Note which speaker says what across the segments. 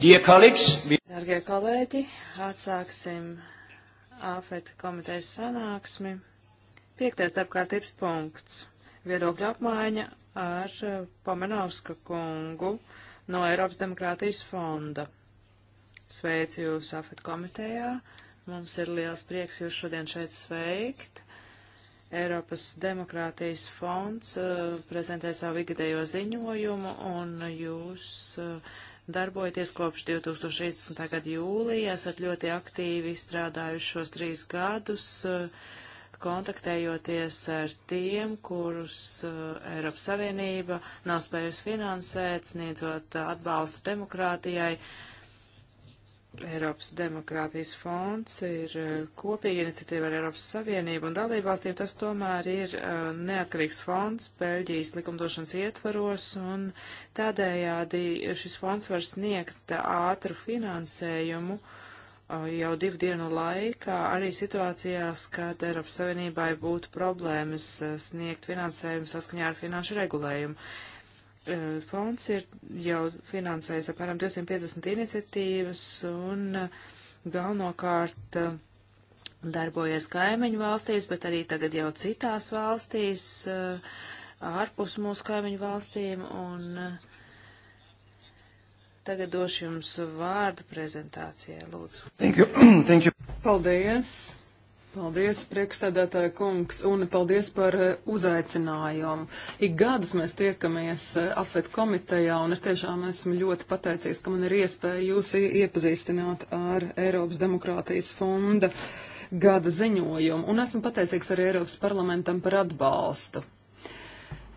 Speaker 1: Dargie kolēģi, atsāksim AFET komitejas sanāksmi. Piektais darbkārtības punkts - viedokļa apmaiņa ar Pomenovska kungu no Eiropas demokrātijas fonda. Sveicu jūs AFET komitejā. Mums ir liels prieks jūs šodien šeit sveikt. Eiropas demokrātijas fonds uh, prezentē savu ikgadējo ziņojumu, un jūs uh, darbojaties kopš 2016. gada jūlija, esat ļoti aktīvi strādājuši šos trīs gadus, eh, kontaktējoties ar tiem, kurus eh, Eiropas Savienība nav spējusi finansēt, sniedzot eh, atbalstu demokrātijai, uh, Eiropas demokrātijas fonds ir eh, kopīga iniciatīva ar Eiropas Savienību un dalībvalstīm. Tas tomēr ir uh, neatkarīgs fonds Beļģijas likumdošanas ietvaros, un tādējādi šis fonds var sniegt ātru finansējumu uh, jau divu dienu laikā, arī situācijās, kad Eiropas Savienībai būtu problēmas sniegt finansējumu saskaņā ar finanšu regulējumu. E, fonds ir jau finansējis apmēram 250 iniciatīvas un e, galvenokārt e, darbojies kaimiņu valstīs, bet arī tagad jau citās valstīs, ārpus mūsu kaimiņu valstīm. Un tagad došu jums vārdu prezentācijai,
Speaker 2: lūdzu. Thank you. Thank you. Paldies! Paldies, priekšsēdētāja kungs, un paldies par eh, uzaicinājumu. Ik gadus mēs tiekamies eh, AFET komitejā, un es tiešām esmu ļoti pateicies, ka man ir iespēja jūs iepazīstināt ar Eiropas demokrātijas fonda gada ziņojumu, un esmu pateicīgs arī Eiropas parlamentam par atbalstu.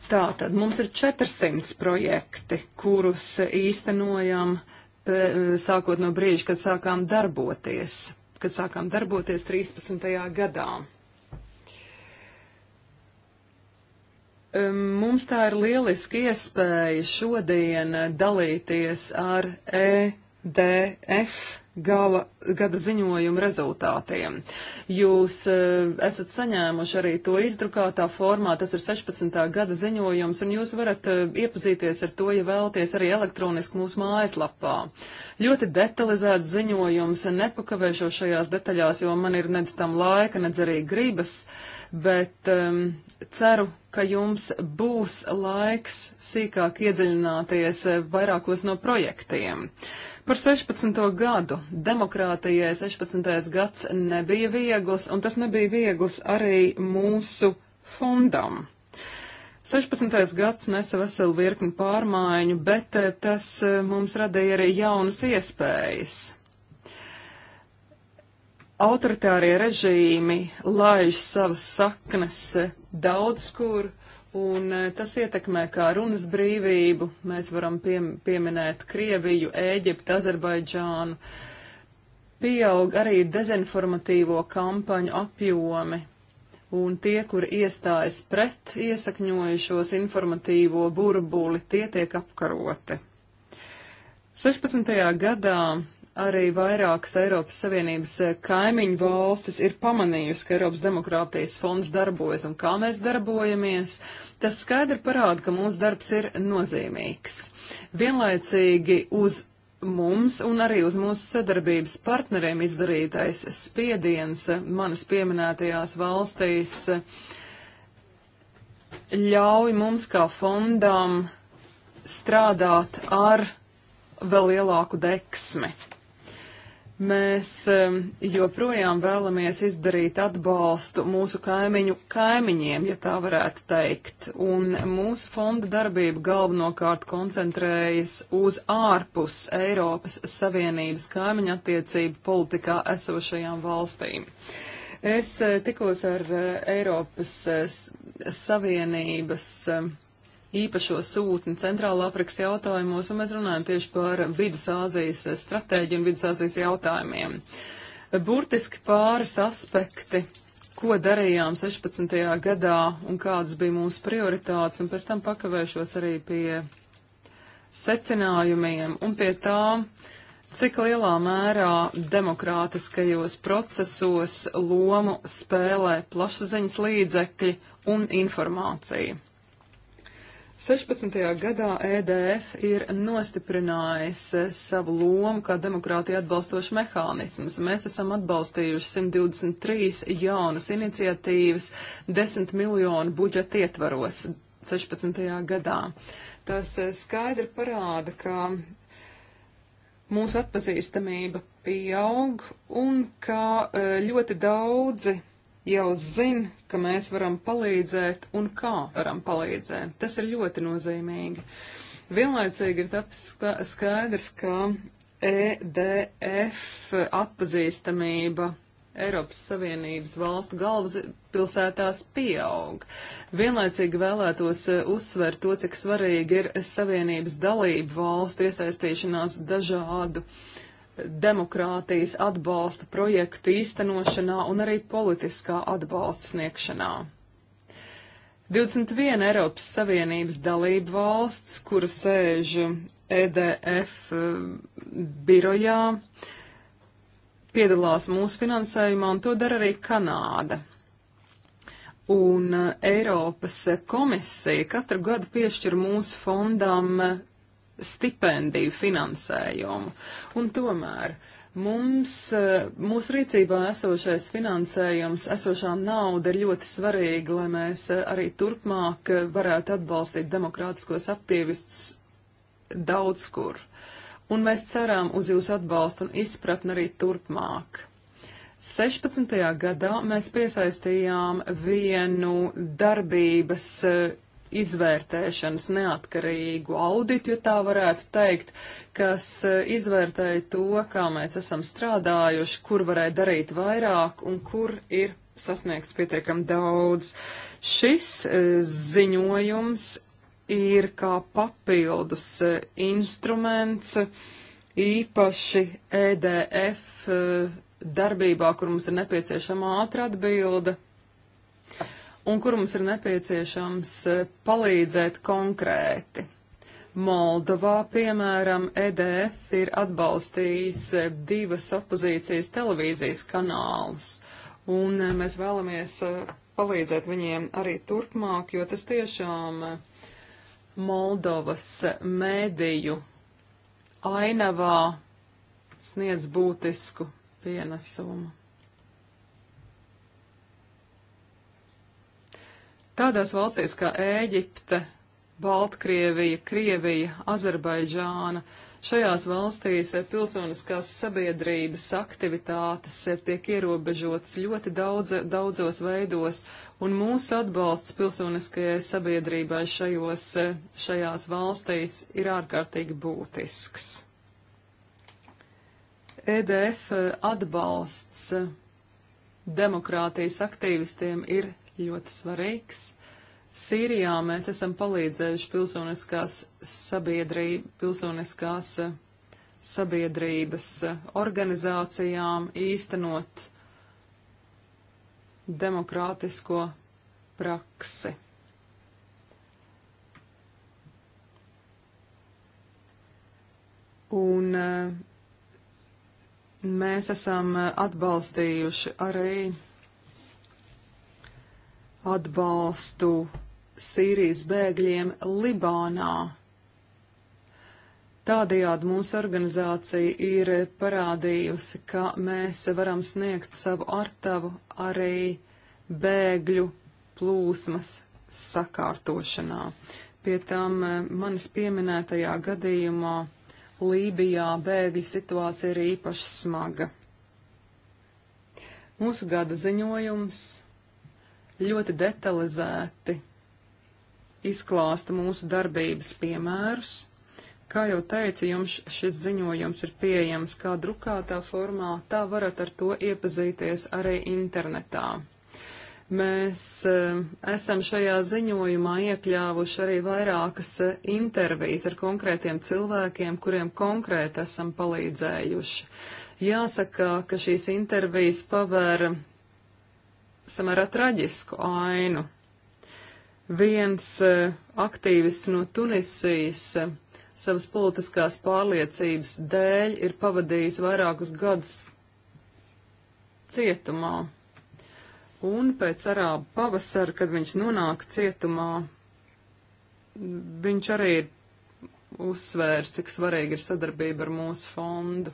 Speaker 2: Tātad mums ir 400 projekti, kurus īstenojam pē, sākot no brīža, kad sākām darboties kad sākām darboties 13. gadā. Mums tā ir lieliski iespēja šodien dalīties ar EDF gala, gada ziņojuma rezultātiem. Jūs e, esat saņēmuši arī to izdrukātā formā, tas ir 16. gada ziņojums, un jūs varat e, iepazīties ar to, ja vēlaties, arī elektroniski mūsu mājaslapā. Ļoti detalizēts ziņojums, nepakavēšo šajās detaļās, jo man ir nedz tam laika, nedz arī gribas, bet um, e, ceru, ka jums būs laiks sīkāk iedziļināties e, vairākos no projektiem. Par 16. gadu Demokrātijai 16. gads nebija viegls, un tas nebija viegls arī mūsu fondam. 16. gads nesa veselu virkni pārmaiņu, bet eh, tas eh, mums radīja arī jaunas iespējas. Autoritārie režīmi laiž savas saknes eh, daudz kur, Un eh, tas ietekmē kā runas brīvību. Mēs varam pie, pieminēt Krieviju, Ēģiptu, Azerbaidžānu. Pieaug arī dezinformatīvo kampaņu apjomi. Un tie, kur iestājas pret iesakņojušos informatīvo burbuli, tie tiek apkaroti. 16. gadā arī vairākas Eiropas Savienības eh, kaimiņu valstis ir pamanījusi, ka Eiropas demokrātijas fonds darbojas un kā mēs darbojamies, tas skaidri parāda, ka mūsu darbs ir nozīmīgs. Vienlaicīgi uz mums un arī uz mūsu sadarbības partneriem izdarītais spiediens manas pieminētajās valstīs eh, ļauj mums kā fondam strādāt ar vēl lielāku deksmi. Mēs um, joprojām vēlamies izdarīt atbalstu mūsu kaimiņu kaimiņiem, ja tā varētu teikt, un mūsu fonda darbība galvenokārt koncentrējas uz ārpus Eiropas Savienības kaimiņu attiecību politikā esošajām valstīm. Es eh, tikos ar eh, Eiropas eh, Savienības īpašo sūtni Centrāla Afrikas jautājumos, un mēs runājam tieši par Vidusāzijas stratēģiju un Vidusāzijas jautājumiem. Burtiski pāris aspekti, ko darījām 16. gadā un kādas bija mūsu prioritātes, un pēc tam pakavēšos arī pie secinājumiem un pie tām, cik lielā mērā demokrātiskajos procesos lomu spēlē plašsaziņas līdzekļi un informācija. 16. gadā EDF ir nostiprinājis e, savu lomu kā demokrātija atbalstošs mehānisms. Mēs esam atbalstījuši 123 jaunas iniciatīvas 10 miljonu budžeta ietvaros 16. gadā. Tas e, skaidri parāda, ka mūsu atpazīstamība pieaug un ka e, ļoti daudzi jau zina, ka mēs varam palīdzēt un kā varam palīdzēt. Tas ir ļoti nozīmīgi. Vienlaicīgi ir tapis skaidrs, ka EDF atpazīstamība Eiropas Savienības valstu galvaspilsētās pieaug. Vienlaicīgi vēlētos e, uzsvērt to, cik svarīgi ir Savienības dalību valstu iesaistīšanās dažādu uh, demokrātijas atbalsta projektu īstenošanā un arī politiskā atbalsta sniegšanā. 21 Eiropas Savienības dalību valsts, kura sēž EDF eh, birojā, piedalās mūsu finansējumā, un to dara arī Kanāda. Un eh, Eiropas komisija katru gadu piešķir mūsu fondam eh, stipendiju finansējumu. Un tomēr mums, eh, mūsu rīcībā esošais finansējums, esošā nauda ir ļoti svarīga, lai mēs eh, arī turpmāk eh, varētu atbalstīt demokrātiskos aktīvistus daudz kur. Un mēs ceram uz jūsu atbalstu un izpratni arī turpmāk. 16. gadā mēs piesaistījām vienu darbības izvērtēšanas neatkarīgu auditu, ja tā varētu teikt, kas eh, izvērtēja to, kā mēs esam strādājuši, kur varēja darīt vairāk un kur ir sasniegts pietiekam daudz. Šis eh, ziņojums ir kā papildus eh, instruments īpaši EDF darbībā, kur mums ir nepieciešama ātra atbilde un kur mums ir nepieciešams eh, palīdzēt konkrēti. Moldovā, piemēram, EDF ir atbalstījis eh, divas opozīcijas televīzijas kanālus, un eh, mēs vēlamies palīdzēt viņiem arī turpmāk, jo tas tiešām Moldovas mēdīju ainavā sniedz būtisku pienesumu. Tādās valstīs kā Ēģipte, Baltkrievija, Krievija, Azerbaidžāna, šajās valstīs pilsoniskās sabiedrības aktivitātes tiek ierobežotas ļoti daudz, daudzos veidos, un mūsu atbalsts pilsoniskajai sabiedrībai šajos, šajās valstīs ir ārkārtīgi būtisks. EDF atbalsts demokrātijas aktīvistiem ir ļoti svarīgs. Sīrijā mēs esam palīdzējuši pilsoniskās sabiedrība, pilsoniskās eh, sabiedrības eh, organizācijām īstenot demokrātisko praksi. Un eh, mēs esam atbalstījuši arī atbalstu Sīrijas bēgļiem Libānā. Tādējādi mūsu organizācija ir parādījusi, ka mēs varam sniegt savu artavu arī bēgļu plūsmas sakārtošanā. Pie tam eh, manis pieminētajā gadījumā Lībijā bēgļu situācija ir īpaši smaga. Mūsu gada ziņojums ļoti detalizēti izklāsta mūsu darbības piemērus. Kā jau teicu, jums šis ziņojums ir pieejams kā drukātā formā, tā varat ar to iepazīties arī internetā. Mēs e, esam šajā ziņojumā iekļāvuši arī vairākas eh, intervijas ar konkrētiem cilvēkiem, kuriem konkrēti esam palīdzējuši. Jāsaka, ka šīs intervijas pavēra samērā traģisku ainu. Viens e, aktīvists no Tunisijas e, savas politiskās pārliecības dēļ ir pavadījis vairākus gadus cietumā. Un pēc arābu pavasara, kad viņš nonāk cietumā, viņš arī ir uzsvērs, cik svarīga ir sadarbība ar mūsu fondu.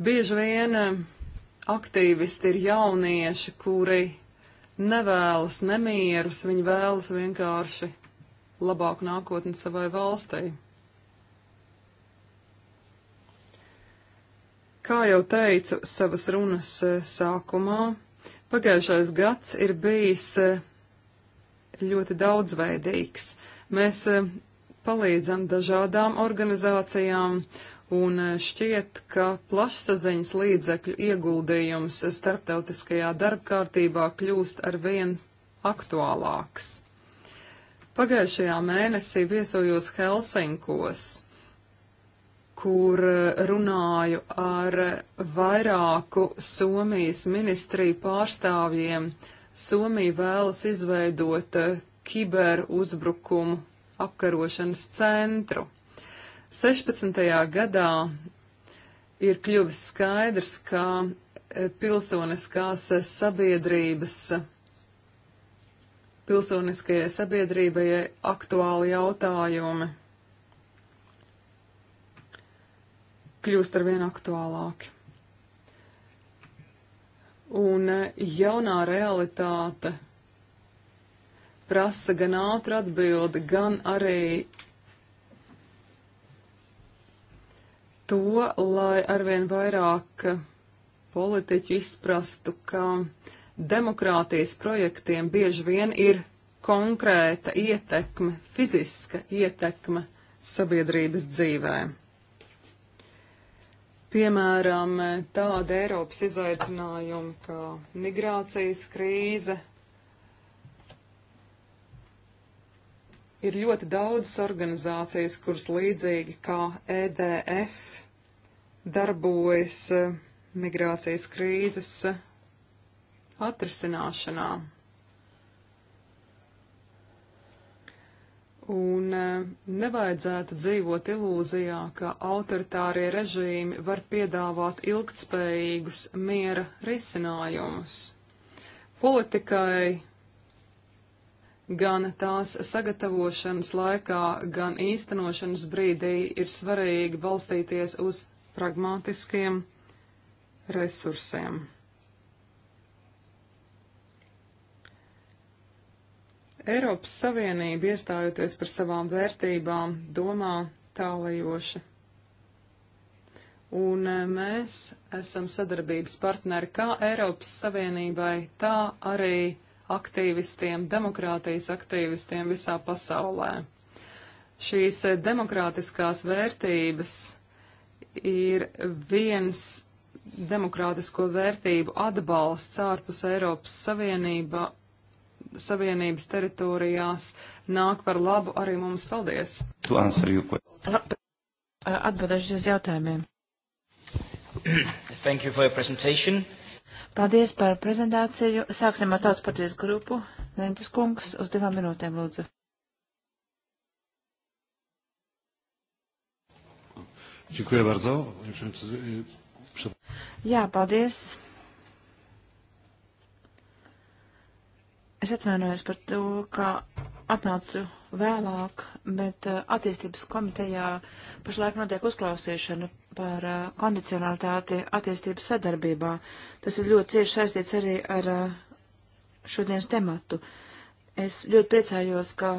Speaker 2: Bieži vien e, aktīvisti ir jaunieši, kuri nevēlas nemierus, viņi vēlas vienkārši labāku nākotni savai valstī. Kā jau teicu savas runas eh, sākumā, pagājušais gads ir bijis eh, ļoti daudzveidīgs. Mēs eh, palīdzam dažādām organizācijām, un eh, šķiet, ka plašsaziņas līdzekļu ieguldījums starptautiskajā darbkārtībā kļūst arvien aktuālāks. Pagājušajā mēnesī viesojos Helsinkos, kur eh, runāju ar vairāku Somijas ministriju pārstāvjiem. Somija vēlas izveidot eh, kiberuzbrukumu apkarošanas centru 16. gadā ir kļuvis skaidrs, ka e, pilsoniskās sabiedrības, pilsoniskajai sabiedrībai aktuāli jautājumi kļūst ar vien aktuālāki. Un e, jaunā realitāte prasa gan ātru atbildi, gan arī to, lai arvien vairāk politiķi izprastu, ka demokrātijas projektiem bieži vien ir konkrēta ietekme, fiziska ietekme sabiedrības dzīvē. Piemēram, tāda Eiropas izaicinājuma kā migrācijas krīze, ir ļoti daudzas organizācijas, kuras līdzīgi kā EDF darbojas eh, migrācijas krīzes eh, atrisināšanā. Un eh, nevajadzētu dzīvot ilūzijā, ka autoritārie režīmi var piedāvāt ilgtspējīgus miera risinājumus. Politikai gan tās sagatavošanas laikā, gan īstenošanas brīdī ir svarīgi balstīties uz pragmatiskiem resursiem. Eiropas Savienība, iestājoties par savām vērtībām, domā tālajoši. Un eh, mēs esam sadarbības partneri kā Eiropas Savienībai, tā arī aktīvistiem, demokrātijas aktīvistiem visā pasaulē. Šīs eh, demokrātiskās vērtības ir viens demokrātisko vērtību atbalsts ārpus Eiropas Savienība, Savienības teritorijās nāk par labu arī mums. Paldies!
Speaker 1: Eh,
Speaker 2: atbildēšu uz
Speaker 3: jautājumiem.
Speaker 1: Thank you for your presentation.
Speaker 3: Paldies par prezentāciju. Sāksim ar tautas partijas grupu. Lentas kungs, uz divām minūtēm lūdzu.
Speaker 1: Dziękuję bardzo.
Speaker 3: Jā, paldies. Es atvainojos par to, ka atnācu vēlāk, bet eh, attīstības komitejā pašlaik notiek uzklausīšana par uh, kondicionalitāti attīstības sadarbībā. Tas ir ļoti cieši saistīts arī ar uh, šodienas tematu. Es ļoti priecājos, ka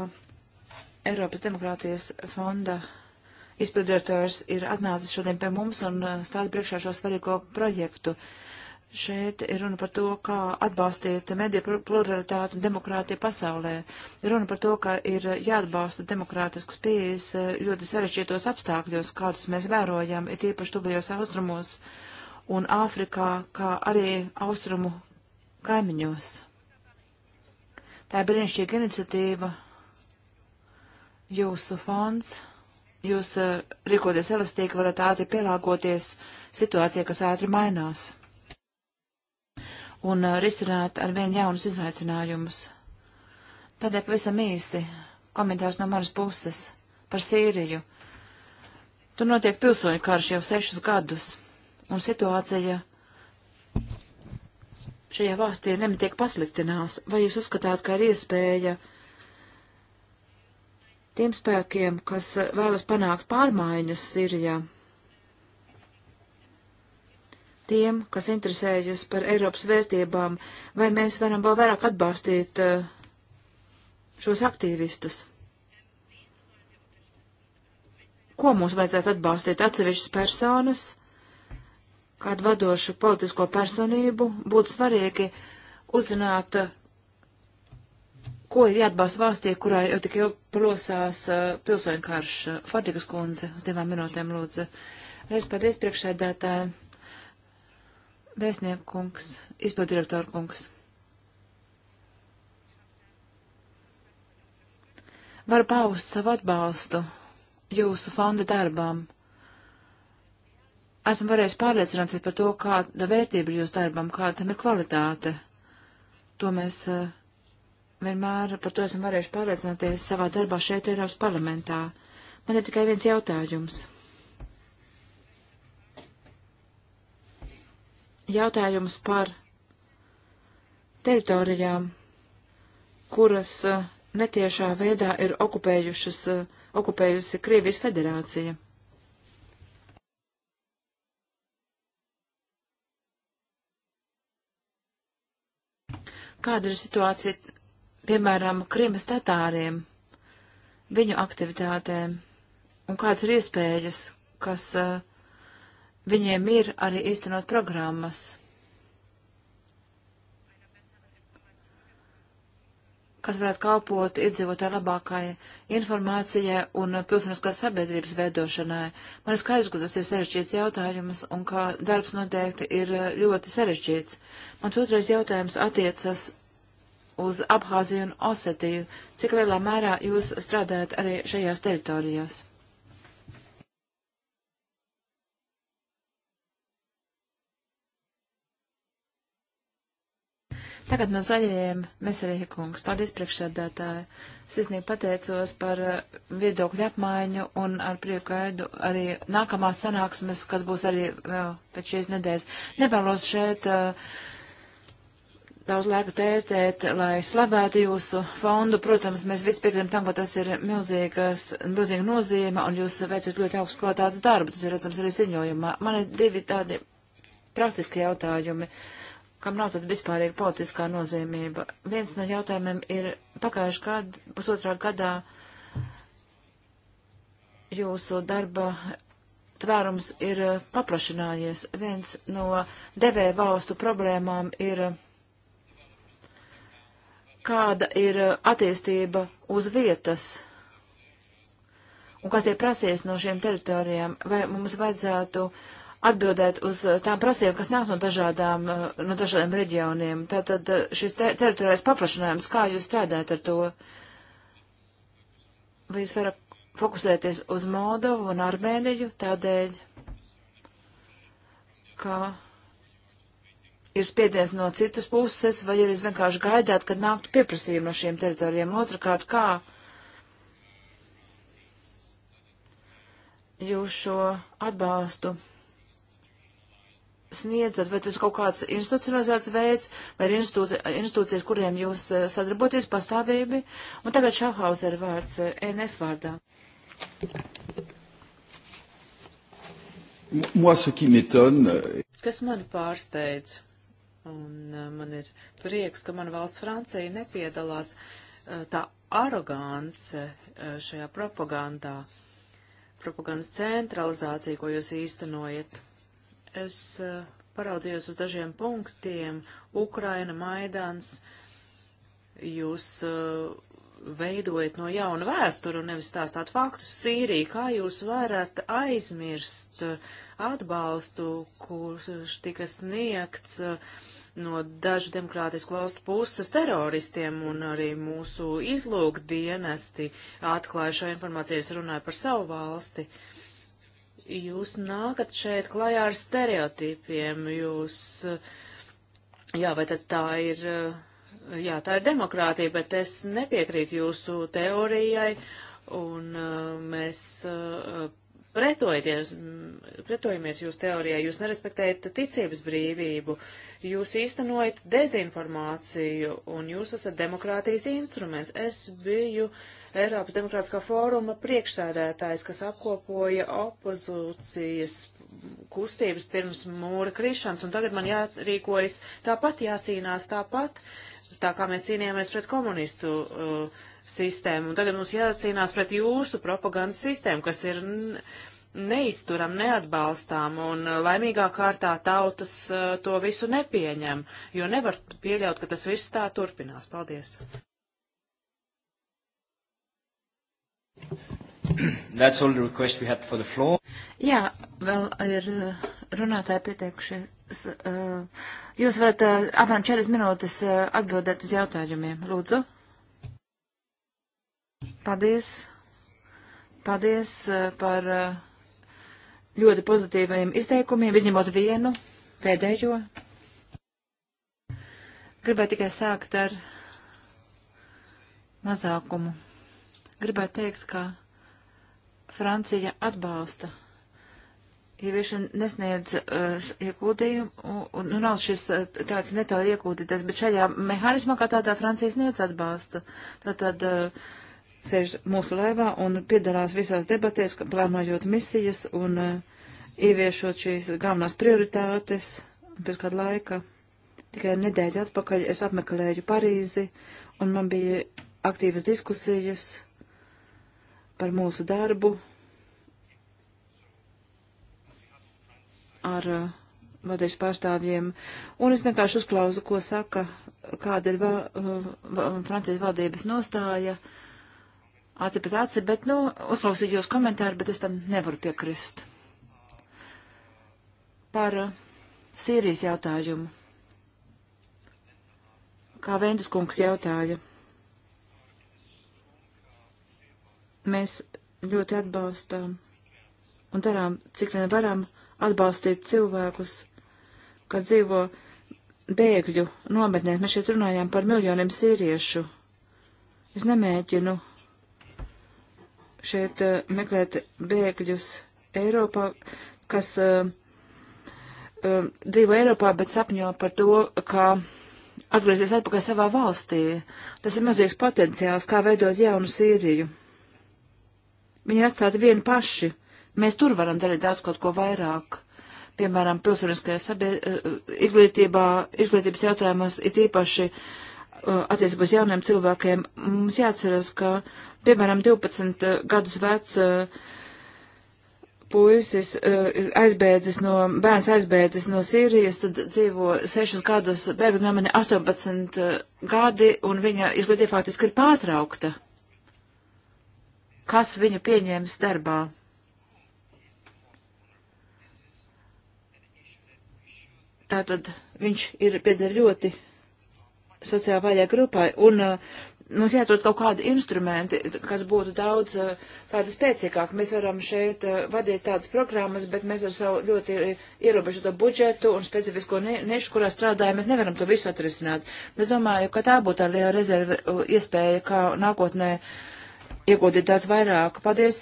Speaker 3: Eiropas demokrātijas fonda izpildotājs ir atnācis šodien pie mums un uh, stāda priekšā šo svarīgo projektu. Uh, Šeit ir runa par to, kā atbalstīt mediju pluralitātu un demokrātiju pasaulē. Ir runa par to, ka ir jāatbalsta demokrātiskas pieejas eh, ļoti sarežģītos apstākļos, kādus mēs vērojam, ir tīpaši tuvajos austrumos un Āfrikā, kā arī austrumu kaimiņos. Tā ir brīnišķīga iniciatīva. Jūsu fonds, jūs eh, rīkoties elastīgi, varat ātri pielāgoties situācijai, kas ātri mainās un uh, risināt ar vien jaunus izaicinājumus. Tādēļ pavisam īsi komentārs no manas puses par Sīriju. Tur notiek pilsoņu karš jau sešus gadus, un situācija šajā valstī nemitiek pasliktinās. Vai jūs uzskatāt, ka ir iespēja tiem spēkiem, kas uh, vēlas panākt pārmaiņas Sīrijā? Ja tiem, kas interesējas par Eiropas vērtībām, vai mēs varam vēl vairāk atbalstīt eh, šos aktīvistus? Ko mums vajadzētu atbalstīt atsevišķas personas, kādu vadošu politisko personību, būtu svarīgi uzzināt, ko ir jāatbalsta valstī, kurā jau tik ilgi plosās eh, pilsoņu karš. Fardikas kundze, uz divām minūtēm lūdzu. Reiz paldies priekšēdētāji. Vēstniekungs, izpildirektorkungs. Var paust savu atbalstu jūsu fonda darbām. Esmu varējis pārliecināties par to, kāda vērtība ir jūsu darbam, kāda tam ir kvalitāte. To mēs uh, vienmēr par to esam varējuši pārliecināties savā darbā šeit Eiropas parlamentā. Man ir tikai viens jautājums. jautājums par teritorijām, kuras uh, netiešā veidā ir okupējušas, uh, okupējusi Krievijas federācija. Kāda ir situācija, piemēram, Krimas tatāriem, viņu aktivitātēm, un kādas ir iespējas, kas uh, viņiem ir arī īstenot programmas, kas varētu kalpot iedzīvotāju labākai informācijai un pilsoniskās sabiedrības veidošanai. Man ir skaidrs, ka tas ir sarežģīts jautājums un ka darbs noteikti ir ļoti sarežģīts. Mans otrais jautājums attiecas uz Abhāziju un Osetiju. Cik lielā mērā jūs strādājat arī šajās teritorijās?
Speaker 2: Tagad no zaļajiem
Speaker 3: Meserīhi kungs. Paldies priekšsēdētāji. Sisnīgi pateicos par uh, viedokļu apmaiņu un ar prieku gaidu arī nākamās sanāksmes, kas būs arī vēl uh, pēc šīs nedēļas. Nevēlos šeit uh, daudz laika tētēt, lai slavētu jūsu fondu. Protams, mēs visi piekrītam tam, ka tas ir milzīgas, milzīga nozīme, un jūs veicat ļoti augstu kvalitātes darbu. Tas ir redzams arī ziņojumā. Man ir divi tādi praktiski jautājumi. Uh, kam nav tad vispārīga politiskā nozīmība. Viens no jautājumiem ir pagājuši gadu, pusotrā gadā jūsu darba tvērums ir eh, paplašinājies. Viens no devēja valstu problēmām ir, kāda ir eh, attīstība uz vietas un kas tiek prasīts no šiem teritorijām, vai mums vajadzētu uh, atbildēt uz eh, tām prasībām, kas nāk no dažādām, eh, no dažādiem reģioniem. Tātad eh, šis te teritoriālais paplašinājums, kā jūs strādājat ar to? Vai jūs varat fokusēties uz Moldovu un Armēniju tādēļ, ka ir spiediens no citas puses, vai arī vienkārši gaidāt, kad nāktu pieprasījumi no šiem teritorijiem. Otrakārt, kā jūs šo atbalstu sniedzat, vai tas kaut kāds institucionalizēts veids, vai ir institūcijas, kuriem jūs eh, sadarboties pastāvību. Un tagad Šahaus ir vārds eh, NF vārdā. Euh,
Speaker 1: Kas mani pārsteidz, un eh, man ir prieks, ka mana valsts Francija nepiedalās tā arogance šajā propagandā, propagandas centralizācija, ko jūs īstenojat Es eh, paraudzījos uz dažiem punktiem. Ukraina, Maidans, jūs eh, veidojat no jauna vēsturu un nevis stāstāt faktus. Sīrija, kā jūs varat aizmirst eh, atbalstu, kurš tika sniegts no dažu demokrātisku valstu puses teroristiem un arī mūsu izlūk dienesti atklāja šo informāciju, es runāju par savu valsti. Uh, jūs nākat šeit klajā ar stereotipiem, jūs, jā, vai tad tā ir, jā, tā ir demokrātija, bet es nepiekrītu jūsu teorijai, un mēs pretojamies jūsu teorijai, jūs nerespektējat ticības brīvību, jūs īstenojat dezinformāciju, un jūs esat demokrātijas instruments. Es biju uh, Eiropas Demokrātiskā fóruma priekšsēdētājs, kas apkopoja opozīcijas kustības pirms mūra krišanas, un tagad man jārīkojas tāpat, jācīnās tāpat, tā kā mēs cīnījāmies pret komunistu uh, sistēmu, un tagad mums jācīnās pret jūsu propagandas sistēmu, kas ir neizturam, neatbalstām, un uh, laimīgā kārtā tautas uh, to visu nepieņem, jo nevar pieļaut, ka tas viss tā turpinās. Paldies! That's all the request we had for the floor.
Speaker 3: Jā, vēl ir uh, runātāji pieteikušies. Uh, jūs varat uh, apmēram 4 minūtes atbildēt uz jautājumiem. Lūdzu. Paldies. Paldies par ļoti pozitīvajiem izteikumiem, izņemot vienu pēdējo. Gribētu tikai sākt ar mazākumu. Gribētu teikt, ka Francija atbalsta ieviešana ja nesniedz uh, eh, iekūdījumu, un, un, nu, un nav šis eh, tāds neto iekūdīties, bet šajā mehānismā kā tādā Francijas niec atbalsta. Tātad uh, sēž mūsu laivā un piedalās visās debatēs, plānojot misijas un uh, ieviešot šīs galvenās prioritātes pēc kāda laika. Tikai nedēļa atpakaļ es apmeklēju Parīzi, un man bija aktīvas diskusijas par mūsu darbu ar uh, vadības pārstāvjiem, un es vienkārši uzklausu, ko saka, kāda ir va, uh, va, Francijas valdības nostāja, aci pēc aci, bet, nu, uzklausīju jūs komentāru, bet es tam nevaru piekrist. Par uh, Sīrijas jautājumu. Kā Vendes kungs jautāja. Mēs ļoti atbalstām un darām, cik vien varam, atbalstīt cilvēkus, kas dzīvo bēgļu nometnēs. Mēs šeit runājām par miljoniem sīriešu. Es nemēģinu šeit uh, meklēt bēgļus Eiropā, kas uh, uh, dzīvo Eiropā, bet sapņo par to, kā atgriezties atpakaļ savā valstī. Tas ir mazīgs potenciāls, kā veidot jaunu Sīriju. Viņi ir atstāti vieni paši. Mēs tur varam darīt daudz kaut ko vairāk. Piemēram, pilsoniskajā eh, izglītībā, izglītības jautājumos ir īpaši uh, attiecībā uz jauniem cilvēkiem. Mums jāatceras, ka, piemēram, 12 eh, gadus vecs uh, puisis uh, aizbēdzis no, bērns aizbēdzis no Sīrijas, tad dzīvo sešus gadus bēgļu nomeni 18 uh, gadi, un viņa izglītība faktiski ir pārtraukta kas viņu pieņēmis darbā. Tātad viņš ir pieder ļoti sociāli vaļai grupai, un uh, mums jāatrod kaut kādi instrumenti, kas būtu daudz uh, tādi spēcīgāki. Mēs varam šeit uh, vadīt tādas programmas, bet mēs ar savu ļoti ierobežoto budžetu un specifisko ne nešu, kurā strādājam, mēs nevaram to visu atrisināt. Es domāju, ka tā būtu tā liela rezerva iespēja, kā nākotnē uh, ieguldīt daudz vairāk. Paldies,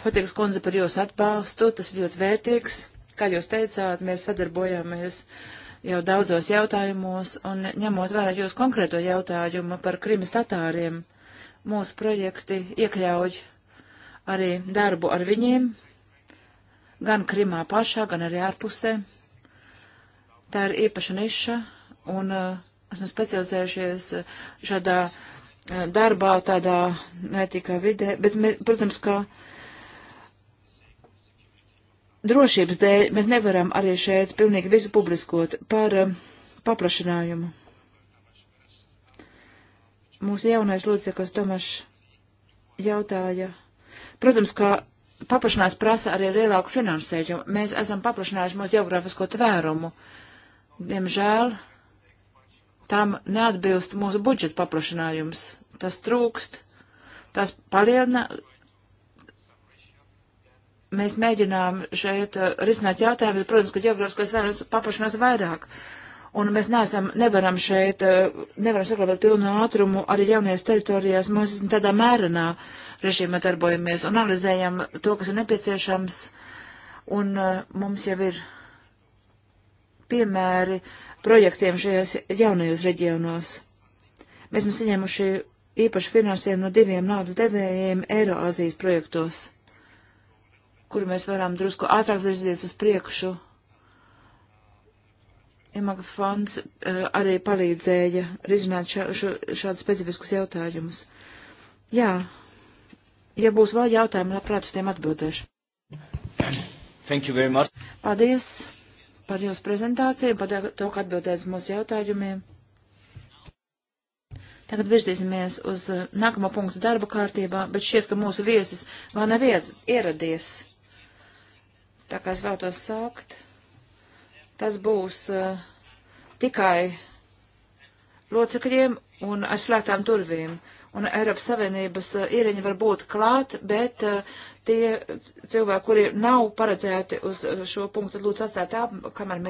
Speaker 3: Fotīgas kundze, par jūsu atbalstu. Tas ir ļoti vērtīgs. Kā jūs teicāt, mēs sadarbojāmies jau daudzos jautājumos, un ņemot vērā jūsu konkrēto jautājumu par krimas tatāriem, mūsu projekti iekļauj arī darbu ar viņiem, gan Krimā pašā, gan arī ārpusē. Tā ir īpaša niša, un uh, esmu specializējušies uh, šādā uh, darbā, tādā netīkā vidē, bet, mē, protams, ka drošības dēļ mēs nevaram arī šeit pilnīgi visu publiskot par um, paplašinājumu. Mūsu jaunais lūdziekas Tomašs jautāja. Protams, ka paplašinājums prasa arī lielāku finansējumu. Mēs esam paplašinājuši mūsu geogrāfisko tvērumu. Diemžēl tam neatbilst mūsu budžeta paplašinājums tas trūkst, tas palielina. Mēs mēģinām šeit uh, risināt jautājumu, bet, protams, ka ģeogrāfiskais vērojums paplašinās vairāk. Un mēs neesam, nevaram šeit, uh, nevaram saglabāt pilnu ātrumu arī jaunajās teritorijās. Mēs esam tādā mērenā režīmā darbojamies un analizējam to, kas ir nepieciešams. Un uh, mums jau ir piemēri projektiem šajos jaunajos reģionos. Mēs esam saņēmuši īpašu finansējumu no diviem naudas devējiem Eiroazijas projektos, kur mēs varam drusku ātrāk virzīties uz priekšu. Imaga fonds uh, arī palīdzēja risināt šā, šo, šādus specifiskus jautājumus. Jā, ja būs vēl jautājumi, labprāt uz tiem atbildēšu.
Speaker 1: Thank you very much.
Speaker 3: Paldies par jūsu prezentāciju, par to, ka atbildējat mūsu jautājumiem. Tagad virzīsimies uz eh, nākamo punktu darba kārtībā, bet šķiet, ka mūsu viesis vēl nav ieradies. Tā kā es vēl to sākt, tas būs uh, tikai locekļiem un aizslēgtām durvīm. Un Eiropas Savienības eh, ierēņi var būt klāt, bet uh, tie cilvēki, kuri nav paredzēti uz šo punktu, lūdzu atstāt tā, kamēr mēs.